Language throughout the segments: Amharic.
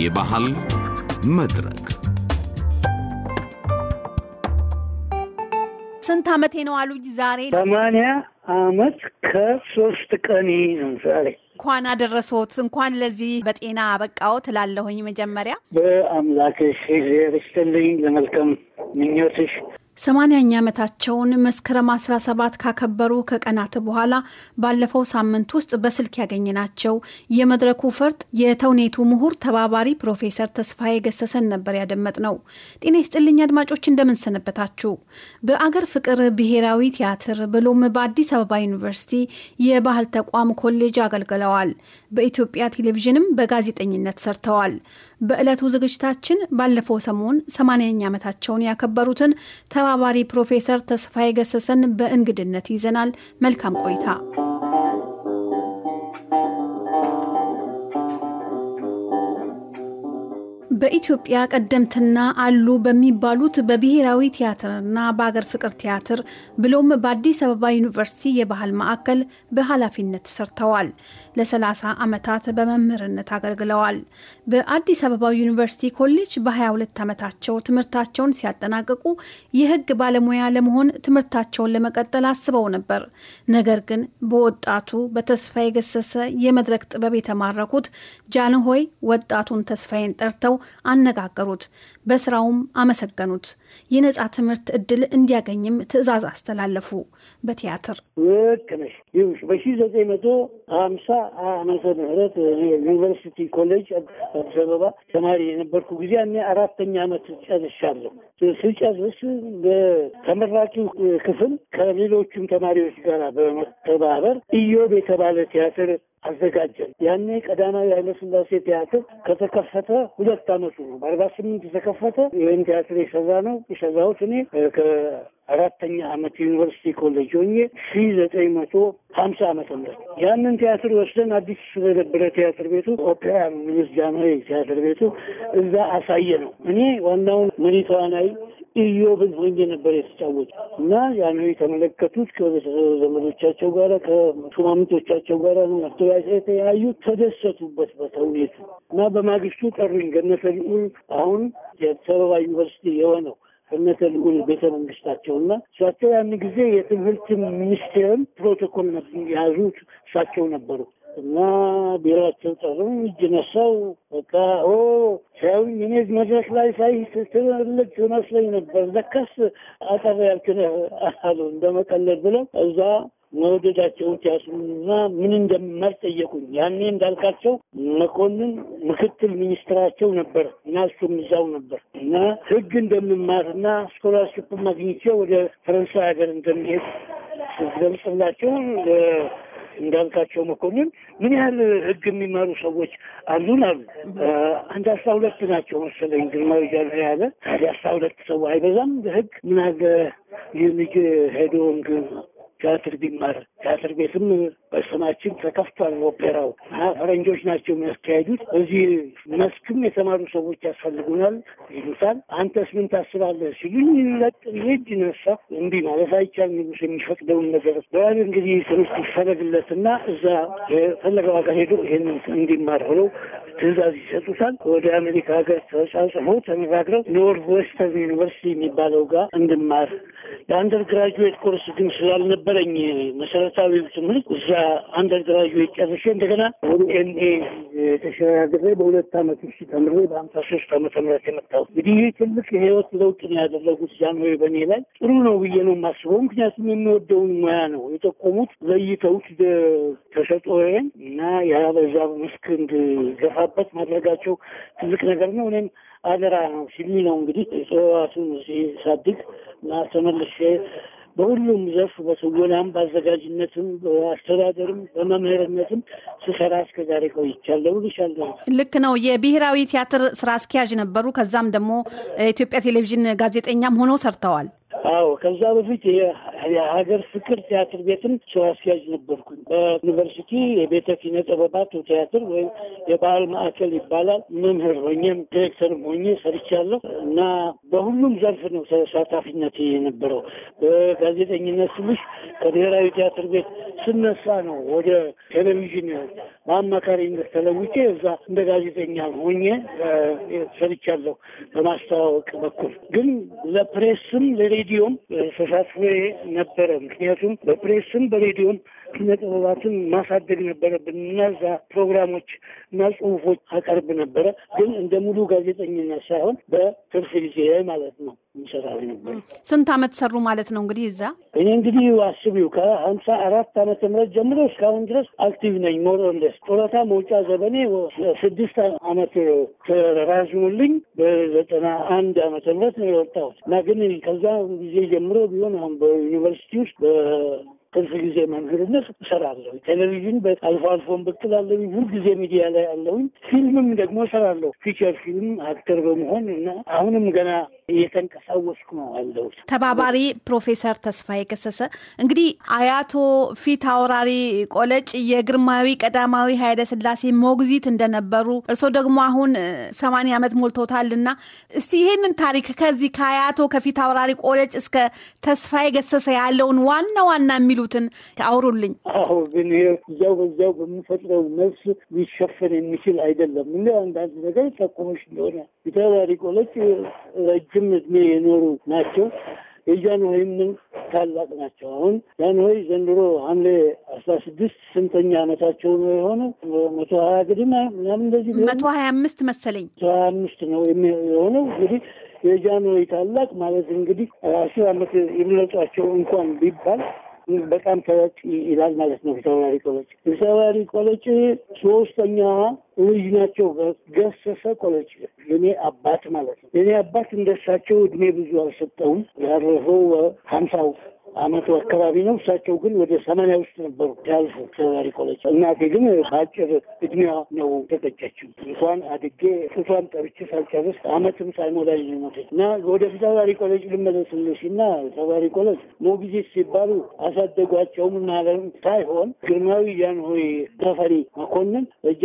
የባህል መድረክ ስንት አመቴ ነው አሉኝ ዛሬ ሰማንያ አመት ከሶስት ቀን ነው ዛሬ። እንኳን አደረሰዎት፣ እንኳን ለዚህ በጤና አበቃዎት ትላለሁኝ። መጀመሪያ በአምላክሽ ዜርሽትልኝ ይስጥልኝ ለመልካም ምኞትሽ ሰማንያኛ ዓመታቸውን መስከረም 17 ካከበሩ ከቀናት በኋላ ባለፈው ሳምንት ውስጥ በስልክ ያገኘናቸው የመድረኩ ፈርጥ የተውኔቱ ምሁር ተባባሪ ፕሮፌሰር ተስፋዬ ገሰሰን ነበር ያደመጥነው። ጤና ይስጥልኝ አድማጮች፣ እንደምንሰነበታችሁ። በአገር ፍቅር ብሔራዊ ቲያትር ብሎም በአዲስ አበባ ዩኒቨርሲቲ የባህል ተቋም ኮሌጅ አገልግለዋል። በኢትዮጵያ ቴሌቪዥንም በጋዜጠኝነት ሰርተዋል። በዕለቱ ዝግጅታችን ባለፈው ሰሞን ሰማንያኛ ዓመታቸውን ያከበሩትን ተባባሪ ፕሮፌሰር ተስፋዬ ገሰሰን በእንግድነት ይዘናል። መልካም ቆይታ። በኢትዮጵያ ቀደምትና አሉ በሚባሉት በብሔራዊ ቲያትርና በአገር ፍቅር ቲያትር ብሎም በአዲስ አበባ ዩኒቨርሲቲ የባህል ማዕከል በኃላፊነት ሰርተዋል። ለ30 ዓመታት በመምህርነት አገልግለዋል። በአዲስ አበባ ዩኒቨርሲቲ ኮሌጅ በ22 ዓመታቸው ትምህርታቸውን ሲያጠናቅቁ የሕግ ባለሙያ ለመሆን ትምህርታቸውን ለመቀጠል አስበው ነበር። ነገር ግን በወጣቱ በተስፋ የገሰሰ የመድረክ ጥበብ የተማረኩት ጃንሆይ ወጣቱን ተስፋዬን ጠርተው አነጋገሩት፣ በስራውም አመሰገኑት። የነጻ ትምህርት እድል እንዲያገኝም ትዕዛዝ አስተላለፉ። በቲያትር ልክ ነሽ ይሁሽ በሺህ ዘጠኝ መቶ ሀምሳ ዓመተ ምህረት ዩኒቨርሲቲ ኮሌጅ አዲስ አበባ ተማሪ የነበርኩ ጊዜ ያኔ አራተኛ ዓመት ጨርሻለሁ። ስጨርስ በተመራቂው ክፍል ከሌሎቹም ተማሪዎች ጋር በመተባበር ኢዮብ የተባለ ቲያትር አዘጋጀን። ያኔ ቀዳማዊ ስላሴ ቲያትር ከተከፈተ ሁለት አመቱ ነው። በአርባ ስምንት የተከፈተ ይህን ቲያትር የሰራ ነው የሰራሁት እኔ አራተኛ አመት ዩኒቨርሲቲ ኮሌጅ ሆኜ ሺ ዘጠኝ መቶ ሀምሳ አመት ምህረት ያንን ቲያትር ወስደን አዲስ ስለነበረ ቲያትር ቤቱ ኦፔራ ሚኒስ ጃመሬ ቲያትር ቤቱ እዛ አሳየ ነው። እኔ ዋናውን መሪ ተዋናይ ኢዮብን ሆኜ ነበር የተጫወቱ እና ያን የተመለከቱት ከቤተሰብ ዘመዶቻቸው ጋር ከሹማምንቶቻቸው ጋር ነው የተያዩ ተደሰቱበት በተውኔቱ እና በማግስቱ ጠሩኝ ገነተ ልዑል አሁን የአዲስ አበባ ዩኒቨርሲቲ የሆነው እነተልጉን ቤተ መንግስታቸው መንግስታቸውና እሳቸው ያን ጊዜ የትምህርት ሚኒስቴርን ፕሮቶኮል የያዙ እሳቸው ነበሩ። እና ቢሮቸው ጠሩም እጅ ነሳው። በቃ ኦ ሲያዩኝ እኔ መድረክ ላይ ሳይ ትልቅ ትመስለኝ ነበር። ለካስ አጠር ያልክ ነህ አሉ እንደመቀለል ብለው እዛ መወደዳቸውን ሲያስሉና ምን ጠየቁኝ። ያኔ እንዳልካቸው መኮንን ምክትል ሚኒስትራቸው ነበር እና እሱም እዛው ነበር እና ሕግ እንደምማርና ስኮላርሽፕ ማግኝቼ ወደ ፈረንሳይ ሀገር እንደሚሄድ ስገልጽላቸው እንዳልካቸው መኮንን ምን ያህል ህግ የሚማሩ ሰዎች አሉን አሉ። አንድ አስራ ሁለት ናቸው መሰለኝ ግርማዊ ጃንሆይ ያለ አስራ ሁለት ሰው አይበዛም። ህግ ምን አለ ይህ ልጅ ሄዶ Kafir bir mar, kafir besim በስማችን ተከፍቷል ኦፔራው። ፈረንጆች ናቸው የሚያስካሄዱት። እዚህ መስክም የተማሩ ሰዎች ያስፈልጉናል ይሉታል። አንተስ ምን ታስባለህ ሲሉኝ ለቅ ልጅ ነሳ። እንዲ ማለት አይቻል ንጉሥ የሚፈቅደውን ነገር በያን እንግዲህ ትምህርት ይፈለግለትና እዛ የፈለገው ሀገር ሄዶ ይህን እንዲማር ብለው ትእዛዝ ይሰጡታል። ወደ አሜሪካ ሀገር ተጻጽፎ ተነጋግረው ኖርዝ ዌስተርን ዩኒቨርሲቲ የሚባለው ጋር እንድማር የአንደር ግራጁዌት ኮርስ ግን ስላልነበረኝ መሰረታዊ ትምህርት እዛ አንደር ግራጁዌት ጨርሼ እንደገና ወደ ኤምኤ ተሸጋግሬ በሁለት አመት ሺ ተምሬ በሀምሳ ሶስት አመተ ምህረት የመጣው እንግዲህ ይህ ትልቅ ህይወት ለውጥ ነው ያደረጉት ጃንሆይ በእኔ ላይ ጥሩ ነው ብዬ ነው የማስበው። ምክንያቱም የሚወደውን ሙያ ነው የጠቆሙት ለይተውት ተሰጦ ወይም እና የበዛ በዛ መስክ እንድገፋበት ማድረጋቸው ትልቅ ነገር ነው። እኔም አደራ ነው ሲሉ ነው እንግዲህ ጽዋቱን ሳድግ እና ተመልሼ በሁሉም ዘርፍ በስወናም፣ በአዘጋጅነትም፣ በአስተዳደርም፣ በመምህርነትም ስሰራ እስከዛሬ ቆይቻለሁ ብሻለሁ። ልክ ነው። የብሔራዊ ቲያትር ስራ አስኪያጅ ነበሩ። ከዛም ደግሞ ኢትዮጵያ ቴሌቪዥን ጋዜጠኛም ሆኖ ሰርተዋል። አዎ ከዛ በፊት የሀገር ፍቅር ቲያትር ቤትን ሰው አስኪያጅ ነበርኩኝ። በዩኒቨርሲቲ የቤተ ኪነ ጥበባት ቲያትር ወይም የባህል ማዕከል ይባላል መምህር ሆኜም ዲሬክተርም ሆኜ ሰርቻለሁ እና በሁሉም ዘርፍ ነው ተሳታፊነት የነበረው። በጋዜጠኝነት ትንሽ ከብሔራዊ ቲያትር ቤት ስነሳ ነው ወደ ቴሌቪዥን በአማካሪነት ተለውጬ እዛ እንደ ጋዜጠኛ ሆኜ ሰርቻለሁ። በማስተዋወቅ በኩል ግን ለፕሬስም ለሬ በሬዲዮም ተሳትፎ ነበረ። ምክንያቱም በፕሬስም በሬዲዮም ጥበባትን ማሳደግ ነበረብን እና እዛ ፕሮግራሞች እና ጽሁፎች አቀርብ ነበረ። ግን እንደ ሙሉ ጋዜጠኝነት ሳይሆን በትርፍ ጊዜ ማለት ነው። ነበር። ስንት አመት ሰሩ ማለት ነው እንግዲህ እዛ? እኔ እንግዲህ አስቢው ከሀምሳ አራት አመተ ምህረት ጀምሮ እስካሁን ድረስ አክቲቭ ነኝ። ሞሮለስ ጡረታ መውጫ ዘመኔ ስድስት አመት ተራዝሙልኝ በዘጠና አንድ አመተ ምህረት ነው የወጣሁት እና ግን ከዛ ጊዜ ጀምሮ ቢሆን አሁን በዩኒቨርሲቲ ውስጥ ትርፍ ጊዜ መምህርነት እሰራለሁ። ቴሌቪዥን አልፎ አልፎን ብቅ እላለሁ። ጊዜ ሚዲያ ላይ አለሁኝ። ፊልምም ደግሞ እሰራለሁ። ፊቸር ፊልም አክተር በመሆን እና አሁንም ገና እየተንቀሳወስኩ ነው ያለሁት። ተባባሪ ፕሮፌሰር ተስፋዬ ገሰሰ እንግዲህ አያቶ ፊት አውራሪ ቆለጭ የግርማዊ ቀዳማዊ ኃይለ ሥላሴ ሞግዚት እንደነበሩ እርስዎ ደግሞ አሁን ሰማንያ ዓመት ሞልቶታል እና እስቲ ይህንን ታሪክ ከዚህ ከአያቶ ከፊት አውራሪ ቆለጭ እስከ ተስፋዬ ገሰሰ ያለውን ዋና ዋና የሚሉትን አውሩልኝ። አሁ ግን እዚያው በዚያው በምፈጥረው መልስ ሊሸፈን የሚችል አይደለም እንደ አንዳንድ ነገር ጠቁሞች እንደሆነ ፊት አውራሪ ቆለጭ ረጅም ረጅም እድሜ የኖሩ ናቸው። የጃንሆይም ታላቅ ናቸው። አሁን ጃንሆይ ዘንድሮ ሐምሌ አስራ ስድስት ስንተኛ ዓመታቸው ነው የሆነ መቶ ሀያ ግድም ምናምን እንደዚህ መቶ ሀያ አምስት መሰለኝ መቶ ሀያ አምስት ነው የሆነው እንግዲህ የጃንሆይ ታላቅ ማለት እንግዲህ አስር ዓመት ይብለጧቸው እንኳን ቢባል በጣም ተወጪ ይላል ማለት ነው። ፊታውራሪ ቆለጭ ፊታውራሪ ቆለጭ ሶስተኛ ልጅ ናቸው። ገሰሰ ኮለጅ የኔ አባት ማለት ነው። የኔ አባት እንደሳቸው እድሜ ብዙ አልሰጠውም። ያረፈው ሀምሳው አመቱ አካባቢ ነው። እሳቸው ግን ወደ ሰማንያ ውስጥ ነበሩ ያልፉ ተባሪ ኮሌጅ። እናቴ ግን በአጭር እድሜዋ ነው ተቀጨችው። እንኳን አድጌ ጡቷን ጠብቼ ሳልጨርስ አመትም ሳይሞላ ነው የሞተች እና ወደ ተባሪ ኮሌጅ ልመለስልሽ እና ተባሪ ኮሌጅ ሞግዚት ሲባሉ አሳደጓቸውም ማለት ሳይሆን ግርማዊ ጃንሆይ ተፈሪ መኮንን እጅ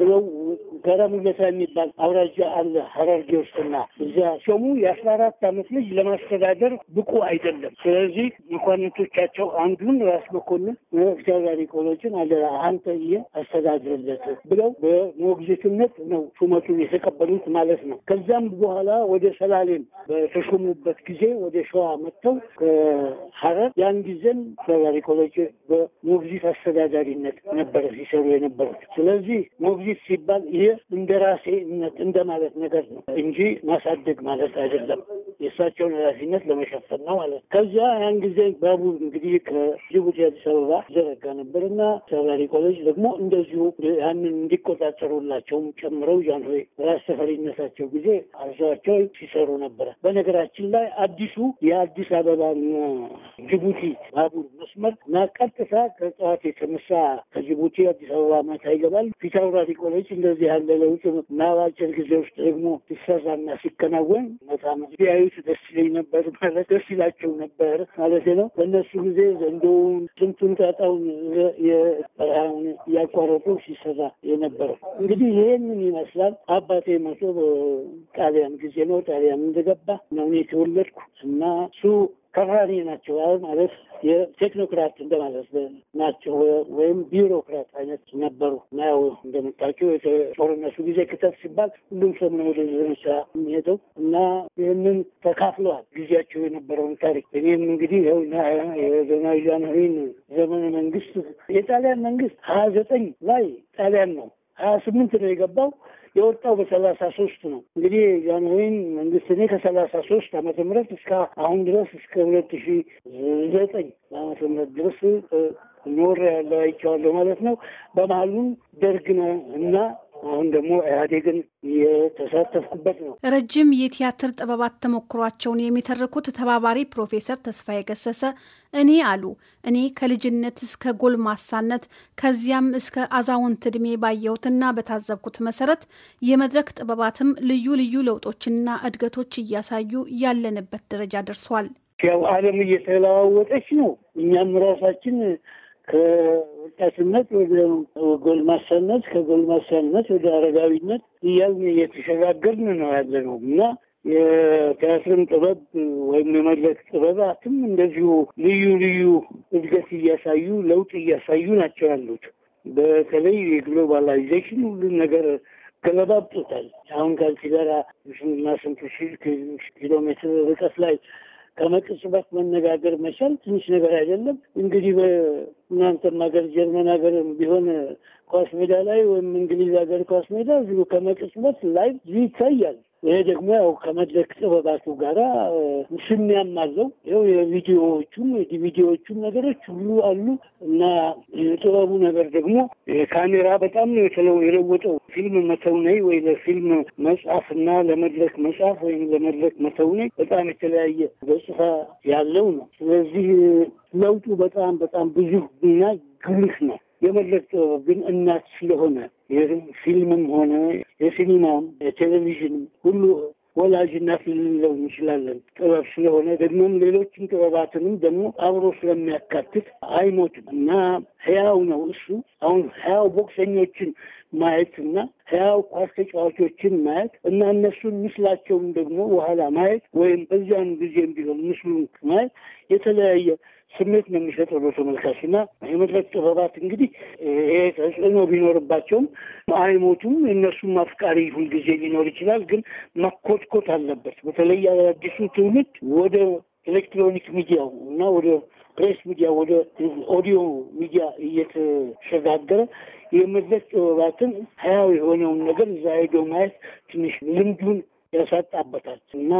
这个五。ገረሙ ጌታ የሚባል አውራጃ አለ ሀረርጌ ውስጥና እዚያ ሾሙ የአስራ አራት አመት ልጅ ለማስተዳደር ብቁ አይደለም። ስለዚህ መኳንቶቻቸው አንዱን ራስ መኮንን እግዚአብሔር ኢኮሎጅን አደራ አንተ እየ አስተዳድርለት ብለው በሞግዚትነት ነው ሹመቱን የተቀበሉት ማለት ነው። ከዚያም በኋላ ወደ ሰላሌም በተሾሙበት ጊዜ ወደ ሸዋ መጥተው ከሀረር ያን ጊዜም እግዚአብሔር ቆሎች በሞግዚት አስተዳዳሪነት ነበረ ሲሰሩ የነበሩት። ስለዚህ ሞግዚት ሲባል ይህ እንደ ራሴነት እንደማለት ነገር ነው እንጂ ማሳደግ ማለት አይደለም። የእሳቸውን ኃላፊነት ለመሸፈን ነው ማለት ነው። ከዚያ ያን ጊዜ ባቡር እንግዲህ ከጅቡቲ አዲስ አበባ ዘረጋ ነበር እና ተባሪ ኮሌጅ ደግሞ እንደዚሁ ያንን እንዲቆጣጠሩላቸውም ጨምረው ጃን ሆይ ራስ ተፈሪነታቸው ጊዜ አዟቸው ሲሰሩ ነበረ። በነገራችን ላይ አዲሱ የአዲስ አበባ ጅቡቲ ባቡር መስመር እና ቀጥታ ከጠዋት የተነሳ ከጅቡቲ አዲስ አበባ ማታ ይገባል። ፊት ኮሌጅ እንደዚህ ያለ ለውጥ እና ጊዜ ውስጥ ደግሞ ሲሰራና ሲከናወን በጣም ያዩ ባይት ደስ ይለኝ ነበር ማለት ደስ ይላቸው ነበር ማለት ነው። በእነሱ ጊዜ ዘንዶውን ጥንቱን ጣጣውን የበረሃውን እያቋረጡ ሲሰራ የነበረው እንግዲህ ይሄንን ይመስላል። አባቴ መቶ በጣሊያን ጊዜ ነው ጣሊያን እንደገባ ነው እኔ የተወለድኩ እና እሱ ከፋኒ ናቸው ማለት የቴክኖክራት እንደማለት ናቸው ወይም ቢሮክራት አይነት ነበሩ እና ያው እንደምታውቂው የጦርነቱ ጊዜ ክተት ሲባል ሁሉም ሰው ነው ወደ ዘመቻ የሚሄደው እና ይህንን ተካፍለዋል ጊዜያቸው የነበረውን ታሪክ። እኔም እንግዲህ ው የዶናልድ ዘመነ መንግስት የጣሊያን መንግስት ሀያ ዘጠኝ ላይ ጣሊያን ነው ሀያ ስምንት ነው የገባው የወጣው በሰላሳ ሶስት ነው። እንግዲህ ጃንሆይን መንግስት እኔ ከሰላሳ ሶስት ዓመተ ምህረት እስከ አሁን ድረስ እስከ ሁለት ሺ ዘጠኝ አመተ ምህረት ድረስ ኖር ያለው አይቼዋለሁ ማለት ነው። በመሀሉም ደርግ ነው እና አሁን ደግሞ ኢህአዴግን የተሳተፍኩበት ነው። ረጅም የቲያትር ጥበባት ተሞክሯቸውን የሚተርኩት ተባባሪ ፕሮፌሰር ተስፋዬ ገሰሰ እኔ አሉ እኔ ከልጅነት እስከ ጎልማሳነት ከዚያም እስከ አዛውንት ዕድሜ ባየሁትና በታዘብኩት መሰረት የመድረክ ጥበባትም ልዩ ልዩ ለውጦችና እድገቶች እያሳዩ ያለንበት ደረጃ ደርሷል። ያው ዓለም እየተለዋወጠች ነው። እኛም ራሳችን ከወጣትነት ወደ ጎልማሳነት፣ ከጎልማሳነት ወደ አረጋዊነት እያልን እየተሸጋገርን ነው ያለ ነው እና የቲያትርም ጥበብ ወይም የመድረክ ጥበባትም እንደዚሁ ልዩ ልዩ እድገት እያሳዩ ለውጥ እያሳዩ ናቸው ያሉት። በተለይ የግሎባላይዜሽን ሁሉን ነገር ገለባብጦታል። አሁን ከዚህ ጋራ ስንትና ስንት ሺህ ኪሎ ሜትር ርቀት ላይ ከመቅጽበት መነጋገር መቻል ትንሽ ነገር አይደለም። እንግዲህ በእናንተም ሀገር ጀርመን ሀገር ቢሆን ኳስ ሜዳ ላይ ወይም እንግሊዝ ሀገር ኳስ ሜዳ እዚሁ ላይ ይታያል። ይሄ ደግሞ ያው ከመድረክ ጥበባቱ ጋራ ስም አለው። ይኸው የቪዲዮዎቹም ዲቪዲዎቹም ነገሮች ሁሉ አሉ እና የጥበቡ ነገር ደግሞ ካሜራ በጣም ነው የለወጠው። ፊልም መተውነይ ወይ ለፊልም መጽሐፍ እና ለመድረክ መጽሐፍ ወይም ለመድረክ መተውነይ በጣም የተለያየ ገጽታ ያለው ነው። ስለዚህ ለውጡ በጣም በጣም ብዙ እና ግልጽ ነው። የመለስ ጥበብ ግን እናት ስለሆነ የፊልምም ሆነ የሲኒማም የቴሌቪዥንም ሁሉ ወላጅ እናት ልንለው እንችላለን። ጥበብ ስለሆነ ደግሞም ሌሎችም ጥበባትንም ደግሞ አብሮ ስለሚያካትት አይሞትም እና ህያው ነው እሱ። አሁን ህያው ቦክሰኞችን ማየት እና ህያው ኳስ ተጫዋቾችን ማየት እና እነሱን ምስላቸውን ደግሞ በኋላ ማየት ወይም በዚያን ጊዜም ቢሆን ምስሉን ማየት የተለያየ ስሜት ነው የሚሰጠው ለተመልካች እና የመድረክ ጥበባት እንግዲህ ይሄ ተጽዕኖ ቢኖርባቸውም አይሞቱም። እነሱም አፍቃሪ ሁልጊዜ ሊኖር ይችላል፣ ግን መኮትኮት አለበት። በተለይ አዲሱ ትውልድ ወደ ኤሌክትሮኒክ ሚዲያው እና ወደ ፕሬስ ሚዲያ ወደ ኦዲዮ ሚዲያ እየተሸጋገረ የመድረክ ጥበባትን ህያው የሆነውን ነገር እዛ ሄዶ ማየት ትንሽ ልምዱን ያሳጣበታል እና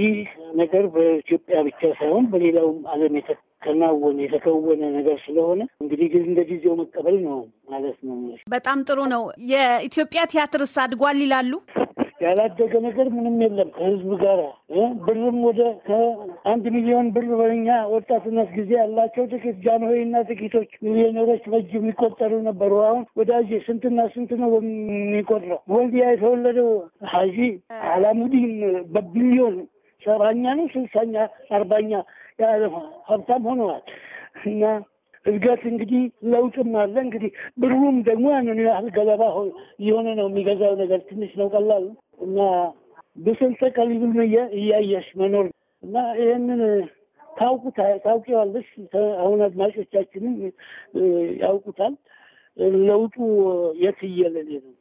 ይህ ነገር በኢትዮጵያ ብቻ ሳይሆን በሌላውም ዓለም የተከናወነ የተከወነ ነገር ስለሆነ እንግዲህ ግን እንደ ጊዜው መቀበል ነው ማለት ነው። በጣም ጥሩ ነው። የኢትዮጵያ ቲያትርስ አድጓል ይላሉ። ያላደገ ነገር ምንም የለም። ከህዝብ ጋር ብርም ወደ ከአንድ ሚሊዮን ብር በኛ ወጣትነት ጊዜ ያላቸው ጥቂት ጃንሆይና ጥቂቶች ሚሊዮነሮች በእጅ የሚቆጠሩ ነበሩ። አሁን ወዳጅ ስንትና ስንት ነው የሚቆጥረው? ወልዲያ የተወለደው ሀጂ አላሙዲን በቢሊዮን ሰባኛ ነው ስልሳኛ አርባኛ የዓለም ሀብታም ሆነዋል እና እድገት እንግዲህ ለውጥም አለ። እንግዲህ ብሩም ደግሞ ያንን ያህል ገለባ እየሆነ ነው የሚገዛው ነገር ትንሽ ነው፣ ቀላል ነው። እና ብስንጠቅ ልጁን እያየሽ መኖር እና ይህንን ታውቁታ ታውቂዋለሽ። አሁን አድማጮቻችንም ያውቁታል። ለውጡ የትየለሌ ነው።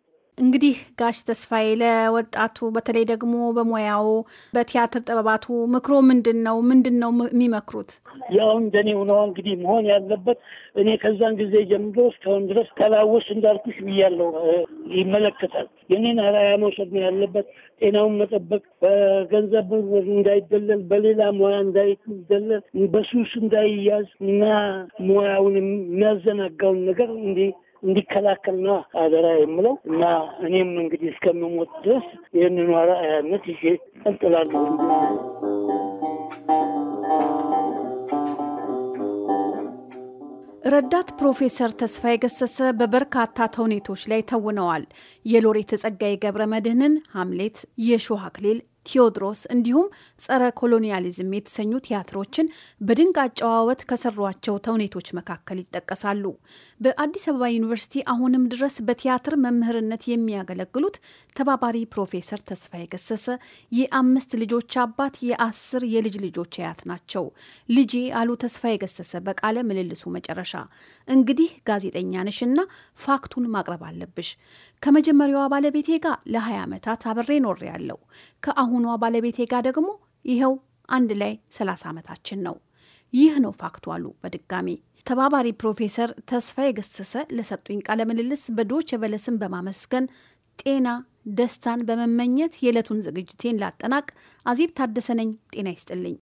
እንግዲህ ጋሽ ተስፋዬ ለወጣቱ በተለይ ደግሞ በሙያው በቲያትር ጥበባቱ ምክሮ ምንድን ነው? ምንድን ነው የሚመክሩት? ያው እንደኔ ነው እንግዲህ መሆን ያለበት። እኔ ከዛን ጊዜ ጀምሮ እስካሁን ድረስ ቀላውስ እንዳልኩሽ ብያለሁ። ይመለከታል። የኔን አርአያ መውሰድ ነው ያለበት። ጤናውን መጠበቅ፣ በገንዘብ እንዳይደለል፣ በሌላ ሙያ እንዳይደለል፣ በሱስ እንዳይያዝ እና ሙያውን የሚያዘናጋውን ነገር እንዲህ እንዲከላከል ነው አደራ የምለው እና እኔም እንግዲህ እስከምሞት ድረስ ይህንን አርአያነት ይዤ እቀጥላለሁ። ረዳት ፕሮፌሰር ተስፋዬ ገሰሰ በበርካታ ተውኔቶች ላይ ተውነዋል። የሎሬት ጸጋዬ ገብረ መድህንን ሐምሌት፣ የእሾህ አክሊል ቴዎድሮስ እንዲሁም ጸረ ኮሎኒያሊዝም የተሰኙ ቲያትሮችን በድንቅ አጨዋወት ከሰሯቸው ተውኔቶች መካከል ይጠቀሳሉ። በአዲስ አበባ ዩኒቨርሲቲ አሁንም ድረስ በቲያትር መምህርነት የሚያገለግሉት ተባባሪ ፕሮፌሰር ተስፋዬ ገሰሰ የአምስት ልጆች አባት፣ የአስር የልጅ ልጆች አያት ናቸው። ልጄ አሉ ተስፋዬ ገሰሰ በቃለ ምልልሱ መጨረሻ፣ እንግዲህ ጋዜጠኛ ነሽና ፋክቱን ማቅረብ አለብሽ ከመጀመሪያዋ ባለቤቴ ጋር ለ20 ዓመታት አብሬ ኖሬ ያለው ከአሁኗ ባለቤቴ ጋር ደግሞ ይኸው አንድ ላይ 30 ዓመታችን ነው። ይህ ነው ፋክቱ አሉ በድጋሚ ተባባሪ ፕሮፌሰር ተስፋ የገሰሰ ለሰጡኝ ቃለ ምልልስ በዶች በለስን በማመስገን ጤና ደስታን በመመኘት የዕለቱን ዝግጅቴን ላጠናቅ። አዜብ ታደሰነኝ ጤና ይስጥልኝ።